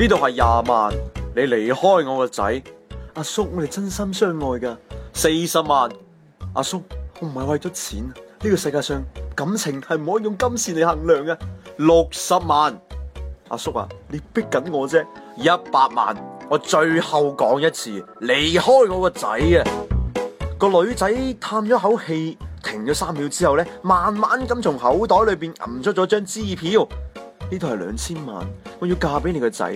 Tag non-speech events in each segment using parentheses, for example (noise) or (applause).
呢度係廿萬，你離開我個仔，阿叔我哋真心相愛噶，四十萬，阿叔我唔係為咗錢，呢個世界上感情係唔可以用金錢嚟衡量嘅，六十萬，阿叔啊，你逼緊我啫，一百萬，我最後講一次，離開我個仔啊，個女仔嘆咗口氣，停咗三秒之後咧，慢慢咁從口袋裏邊揞出咗張支票。呢度係兩千萬，我要嫁俾你個仔，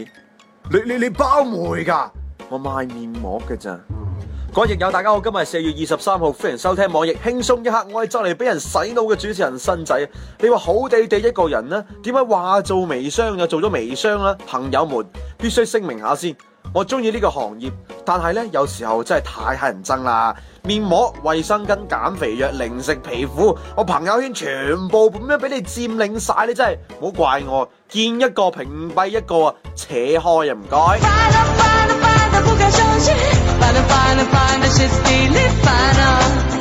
你你你包媒㗎？我賣面膜嘅咋？網易友，大家好，今日係四月二十三號，歡迎收聽網易輕鬆一刻。我係就嚟俾人洗腦嘅主持人新仔，你話好地地一個人呢？點解話做微商就做咗微商啦？朋友們，必須聲明下先。我中意呢個行業，但係呢，有時候真係太乞人憎啦！面膜、衛生巾、減肥藥、零食、皮膚，我朋友圈全部咁樣俾你佔領晒，你真係唔好怪我，見一個屏蔽一個啊，扯開又唔該。 (music)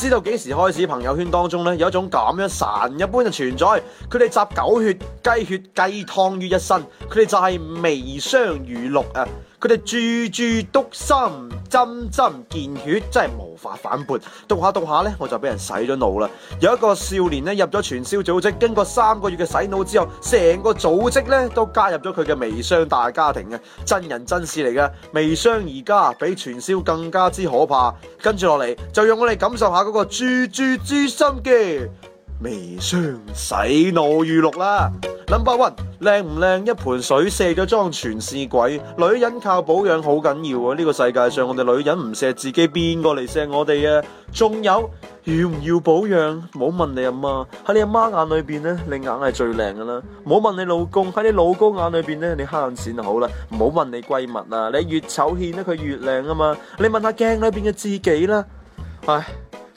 知道幾時開始，朋友圈當中咧有一種咁樣神一般嘅存在，佢哋集狗血、雞血、雞湯於一身，佢哋就係微商語錄啊！佢哋注注篤心，針針見血，真係無法反駁。讀下讀下咧，我就俾人洗咗腦啦！有一個少年咧入咗傳銷組織，經過三個月嘅洗腦之後，成個組織咧都加入咗佢嘅微商大家庭嘅，真人真事嚟嘅。微商而家比傳銷更加之可怕。跟住落嚟，就讓我哋感受下。嗰個豬豬豬心機微商洗腦語錄啦，Number one 靚唔靚？一盆水卸咗妝全是鬼。女人靠保養好緊要啊！呢個世界上，我哋女人唔卸自己邊個嚟卸我哋啊？仲有要唔要保養？唔好問你阿媽，喺你阿媽眼裏邊咧，你硬係最靚噶啦。唔好問你老公，喺你老公眼裏邊咧，你慳錢就好啦。唔好問你閨蜜啊，你越醜獻得佢越靚啊嘛。你問下鏡裏邊嘅自己啦，唉。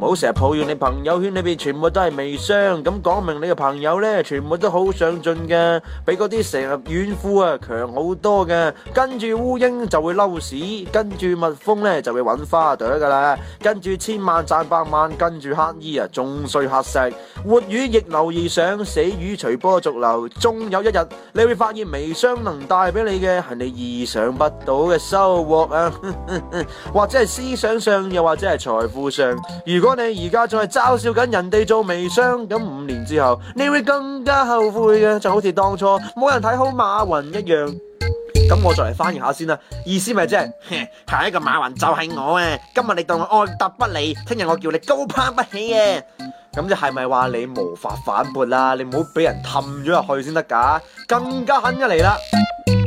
唔好成日抱怨你朋友圈裏邊全部都係微商，咁講明你嘅朋友咧，全部都好上進嘅，比嗰啲成日怨婦啊強好多嘅。跟住烏蠅就會嬲屎，跟住蜜蜂咧就會揾花朵噶啦。跟住千萬賺百萬，跟住乞衣啊，仲碎乞食，活魚逆流而上，死魚隨波逐流。終有一日，你會發現微商能帶俾你嘅係你意想不到嘅收穫啊， (laughs) 或者係思想上，又或者係財富上，如果。如果你而家仲係嘲笑緊人哋做微商，咁五年之後你會更加後悔嘅，就好似當初冇人睇好馬雲一樣。咁我再嚟翻譯下先啦，意思咪即係，下一個馬雲就係我誒、啊！今日你對我愛答不理，聽日我叫你高攀不起嘅、啊。咁即係咪話你無法反駁啦、啊？你唔好俾人氹咗入去先得噶，更加狠嘅嚟啦！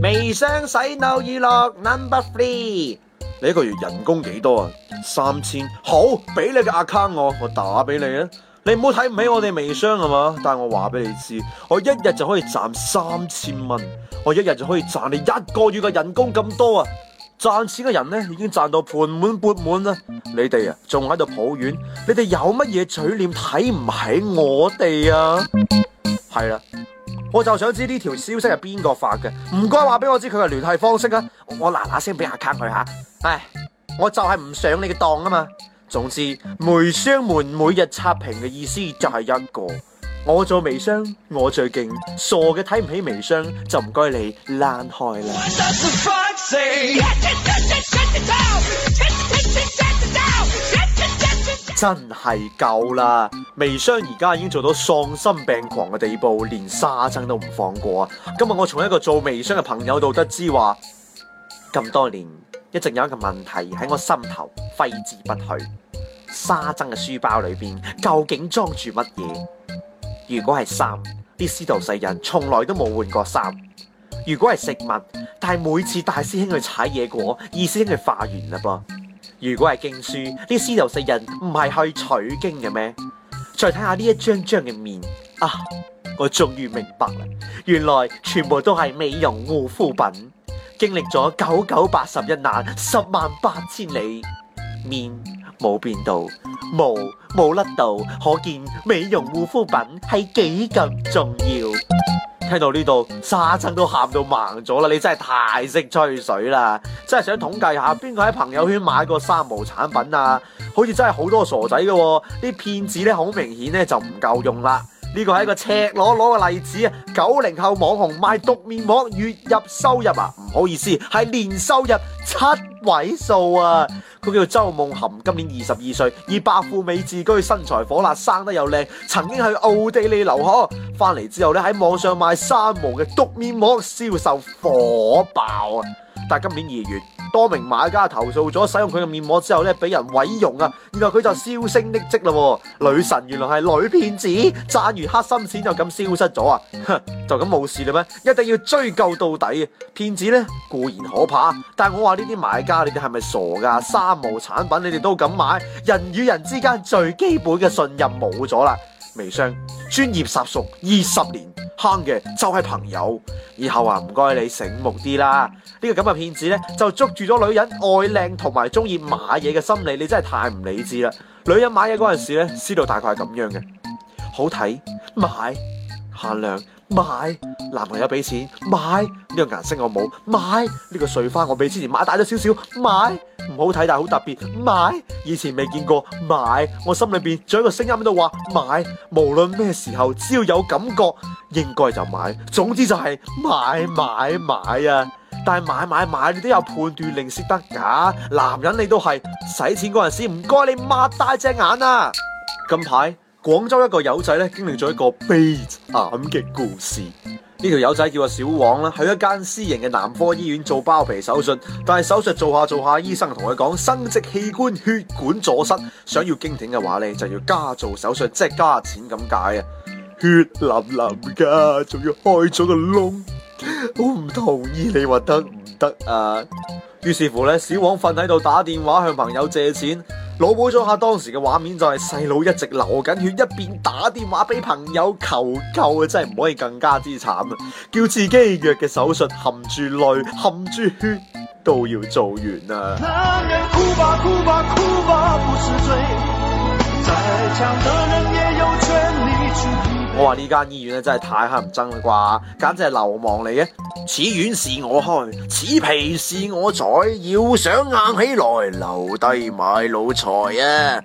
微商洗腦娛樂 Number Three。No. 你一個月人工幾多啊？三千？好，俾你個 account 我，我打俾你啊！你唔好睇唔起我哋微商啊嘛！但係我話俾你知，我一日就可以賺三千蚊，我一日就可以賺你一個月嘅人工咁多啊！賺錢嘅人咧已經賺到盆滿缽滿啦，你哋啊仲喺度抱怨，你哋有乜嘢嘴臉睇唔起我哋啊？係啦。我就想知呢條消息係邊個發嘅，唔該話俾我知佢嘅聯繫方式啊！我嗱嗱聲俾阿 c 佢吓，唉，我就係唔上你嘅當啊嘛！總之，微商們每日刷屏嘅意思就係一個，我做微商我最勁，傻嘅睇唔起微商就唔該你躝開啦。 (music) 真係夠啦！微商而家已經做到喪心病狂嘅地步，連沙僧都唔放過啊！今日我從一個做微商嘅朋友度得知話，咁多年一直有一個問題喺我心頭揮之不去：沙僧嘅書包裏邊究竟裝住乜嘢？如果係衫，啲師徒四人從來都冇換過衫；如果係食物，但係每次大師兄去踩野果，二師兄就化緣啦噃。如果係經書，呢啲師徒四人唔係去取經嘅咩？再睇下呢一張張嘅面啊！我終於明白啦，原來全部都係美容護膚品，經歷咗九九八十一難，十萬八千里，面冇變到，毛冇甩到，可見美容護膚品係幾咁重要。睇到呢度，沙僧都喊到盲咗啦！你真係太識吹水啦，真係想統計下邊個喺朋友圈買過三無產品啊？好似真係好多傻仔嘅。哦，啲騙子咧好明顯咧就唔夠用啦。呢個係一個赤裸裸嘅例子啊！九零後網紅賣毒面膜月入收入啊，唔好意思，係年收入七位數啊！佢叫做周夢涵，今年二十二歲，以白富美自居，身材火辣，生得又靚，曾經去奧地利留學，翻嚟之後咧喺網上賣三毛嘅毒面膜，銷售火爆啊！但今年二月，多名買家投訴咗使用佢嘅面膜之後咧，俾人毀容啊！然後佢就銷聲匿跡啦，啊，女神原來係女騙子，賺完黑心錢就咁消失咗啊！哼，就咁冇事啦咩？一定要追究到底啊！騙子咧固然可怕，但係我話呢啲買家，你哋係咪傻噶？三無產品你哋都敢買？人與人之間最基本嘅信任冇咗啦！微商專業殺熟熟二十年，坑嘅就係朋友。以後啊，唔該你醒目啲啦。呢個咁嘅騙子咧，就捉住咗女人愛靚同埋中意買嘢嘅心理，你真係太唔理智啦！女人買嘢嗰陣時咧，思路大概係咁樣嘅，好睇，買，限量。買，男朋友俾錢，買。呢個顏色我冇，買。呢個碎花我比之前買大咗少少，買。唔好睇，但係好特別，買。以前未見過，買。我心裏邊仲有一個聲音喺度話買，無論咩時候只要有感覺應該就買，總之就係買買買啊。但係買買買你都有判斷力，識得噶，男人你都係使錢嗰陣時唔該你擘大隻眼啊近排。廣州一個友仔咧，經歷咗一個悲慘嘅故事。呢條友仔叫阿小王啦，喺一間私營嘅男科醫院做包皮手術，但係手術做下做下，醫生同佢講生殖器官血管阻塞，想要驚醒嘅話咧，就要加做手術，即係加錢咁解啊！血淋淋噶，仲要開咗個窿，我唔同意，你話得唔得啊？於是乎咧，小王瞓喺度打電話向朋友借錢。腦補咗下當時嘅畫面，就係細佬一直流緊血，一邊打電話俾朋友求救啊！真係唔可以更加之慘啊！叫自己弱嘅手術，含住淚，含住血都要做完啊！男人人，哭哭哭吧，哭吧，哭吧，不是罪。再強嘅人，也有權利去。我話呢間醫院咧真係太黑人憎啦啩，簡直係流氓嚟嘅。此院是我開，此皮是我宰，要想硬起來，留低買老財啊！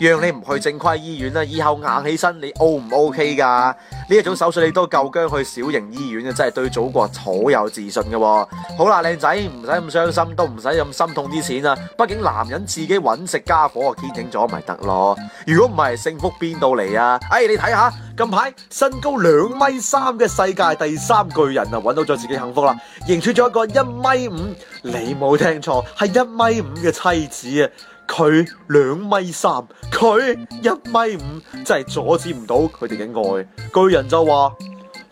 讓你唔去正規醫院啦，以後硬起身你 O 唔 O K 噶？呢一種手術你都夠姜去小型醫院啊，真係對祖國好有自信嘅喎。好啦，靚仔唔使咁傷心，都唔使咁心痛啲錢啦。畢竟男人自己揾食家伙，啊，堅挺咗咪得咯。如果唔係，幸福邊度嚟啊？哎，你睇下近排身高兩米三嘅世界第三巨人啊，揾到咗自己幸福啦，迎娶咗一個一米五，你冇聽錯，係一米五嘅妻子啊！佢兩米三，佢一米五，真係阻止唔到佢哋嘅愛。巨人就話：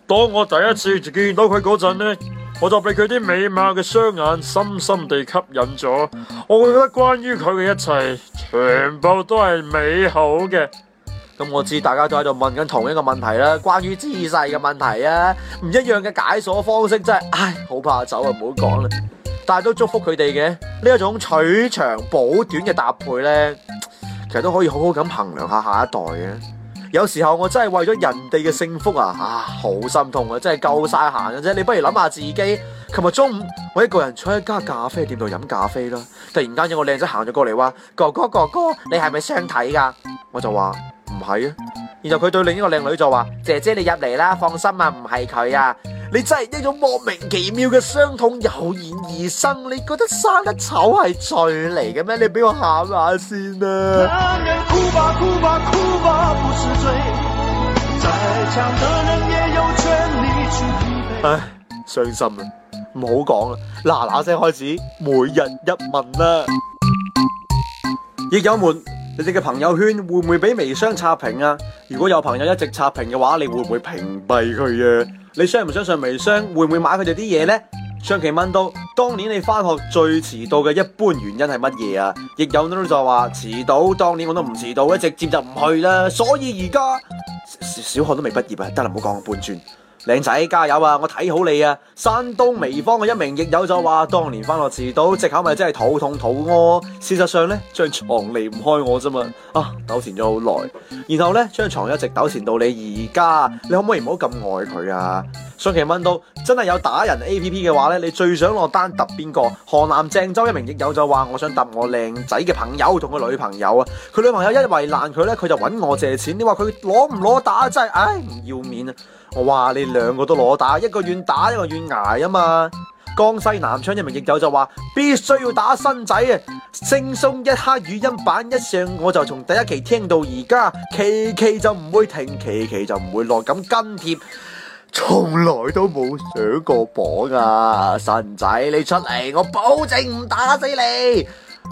當我第一次見到佢嗰陣呢，我就被佢啲美貌嘅雙眼深深地吸引咗。我覺得關於佢嘅一切，全部都係美好嘅。咁，嗯，我知大家都喺度問緊同一個問題啦，關於姿勢嘅問題啊，唔一樣嘅解鎖方式真係，唉，好怕走啊，唔好講啦。但係都祝福佢哋嘅呢一種取長補短嘅搭配呢，其實都可以好好咁衡量一下下一代嘅。有時候我真係為咗人哋嘅幸福啊，啊好心痛啊，真係夠晒閒嘅啫。你不如諗下自己，琴日中午我一個人坐喺間咖啡店度飲咖啡啦，突然間有個靚仔行咗過嚟話：哥哥哥哥，你係咪相睇噶？我就話。唔係啊，然後佢對另一個靚女就話：姐姐，你入嚟啦，放心啊，唔係佢啊。你真係一種莫名其妙嘅傷痛油然而生。你覺得生得醜係罪嚟嘅咩？你俾我喊下先啊！「男人哭吧，哭吧，哭吧，不是罪，再強的人也有權利去疲憊。唉，傷心啊，唔好講啦，嗱嗱聲開始每日一問啦，亦有們。你哋嘅朋友圈會唔會俾微商刷屏啊？如果有朋友一直刷屏嘅話，你會唔會屏蔽佢啊？你相唔相信微商會唔會買佢哋啲嘢呢？上期問到，當年你翻學最遲到嘅一般原因係乜嘢啊？亦有呢就話遲到，當年我都唔遲到，一直接就唔去啦。所以而家小，小學都未畢業啊，得啦，唔好講半轉。靚仔加油啊！我睇好你啊！山東濰坊嘅一名亦友就話：當年翻落遲到，借口咪真係肚痛肚屙。事實上呢，張床離唔開我啫嘛。啊，糾纏咗好耐，然後呢，張床一直糾纏到你而家，你可唔可以唔好咁愛佢啊？上期問到：真係有打人 A P P 嘅話呢，你最想落單揼邊個？河南鄭州一名亦友就話：我想揼我靚仔嘅朋友同佢女朋友啊。佢女朋友一為難佢呢，佢就揾我借錢。你話佢攞唔攞打真係唉，唔要面啊！我話你兩個都攞打，一個願打，一個願挨啊嘛！江西南昌一名易友就話，必須要打新仔啊！《輕鬆一刻》語音版一上，我就從第一期聽到而家，期期就唔會停，期期就唔會落咁跟貼，從來都冇上過榜啊！新仔你出嚟，我保證唔打死你。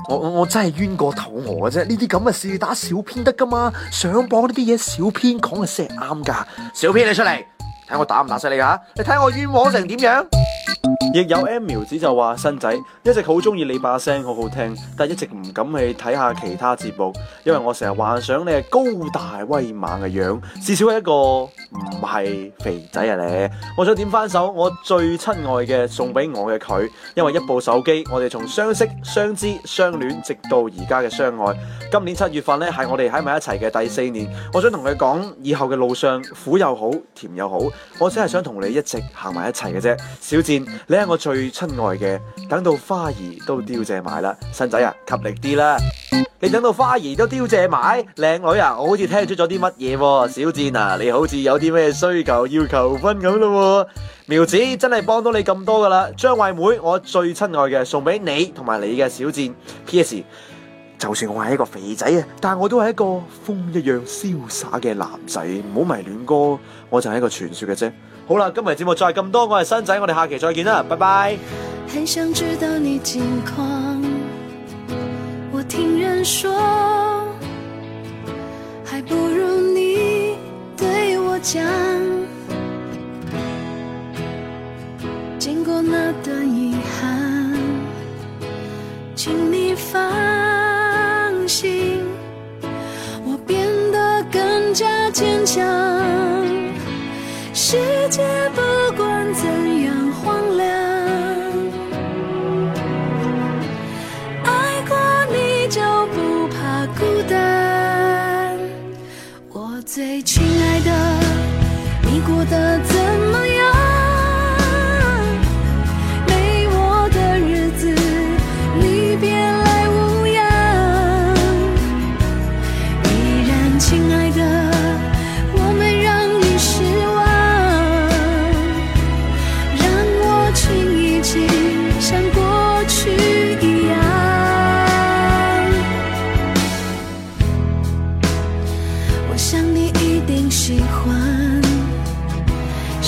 我我真係冤過肚餓嘅啫，呢啲咁嘅事打小編得噶嘛。上播呢啲嘢小編講嘅先係啱噶，小編你出嚟。睇我打唔打死你噶，你睇我冤枉成點樣？亦有 M 苗子就話：新仔一直好中意你把聲，好好聽，但一直唔敢去睇下其他節目，因為我成日幻想你係高大威猛嘅樣，至少係一個唔係肥仔啊！你，我想點翻首我最親愛嘅，送俾我嘅佢，因為一部手機，我哋從相識、相知、相戀，直到而家嘅相愛。今年七月份呢，係我哋喺埋一齊嘅第四年，我想同佢講，以後嘅路上苦又好，甜又好。我只係想同你一直行埋一齊嘅啫，小賤，你係我最親愛嘅。等到花兒都凋謝埋啦，新仔啊，給力啲啦！你等到花兒都凋謝埋，靚女啊，我好似聽出咗啲乜嘢？小賤啊，你好似有啲咩需求要求婚咁咯？苗子真係幫到你咁多㗎啦，張惠妹，我最親愛嘅送俾你同埋你嘅小賤。P.S. 就算我係一個肥仔啊，但係我都係一個風一樣瀟灑嘅男仔，唔好迷戀哥，我就係一個傳說嘅啫。好啦，今日節目就係咁多，我係新仔，我哋下期再見啦，拜拜。很想知道你你你近況，我我聽人說，還不如你對我講。經過那段遺憾，請你放孤單。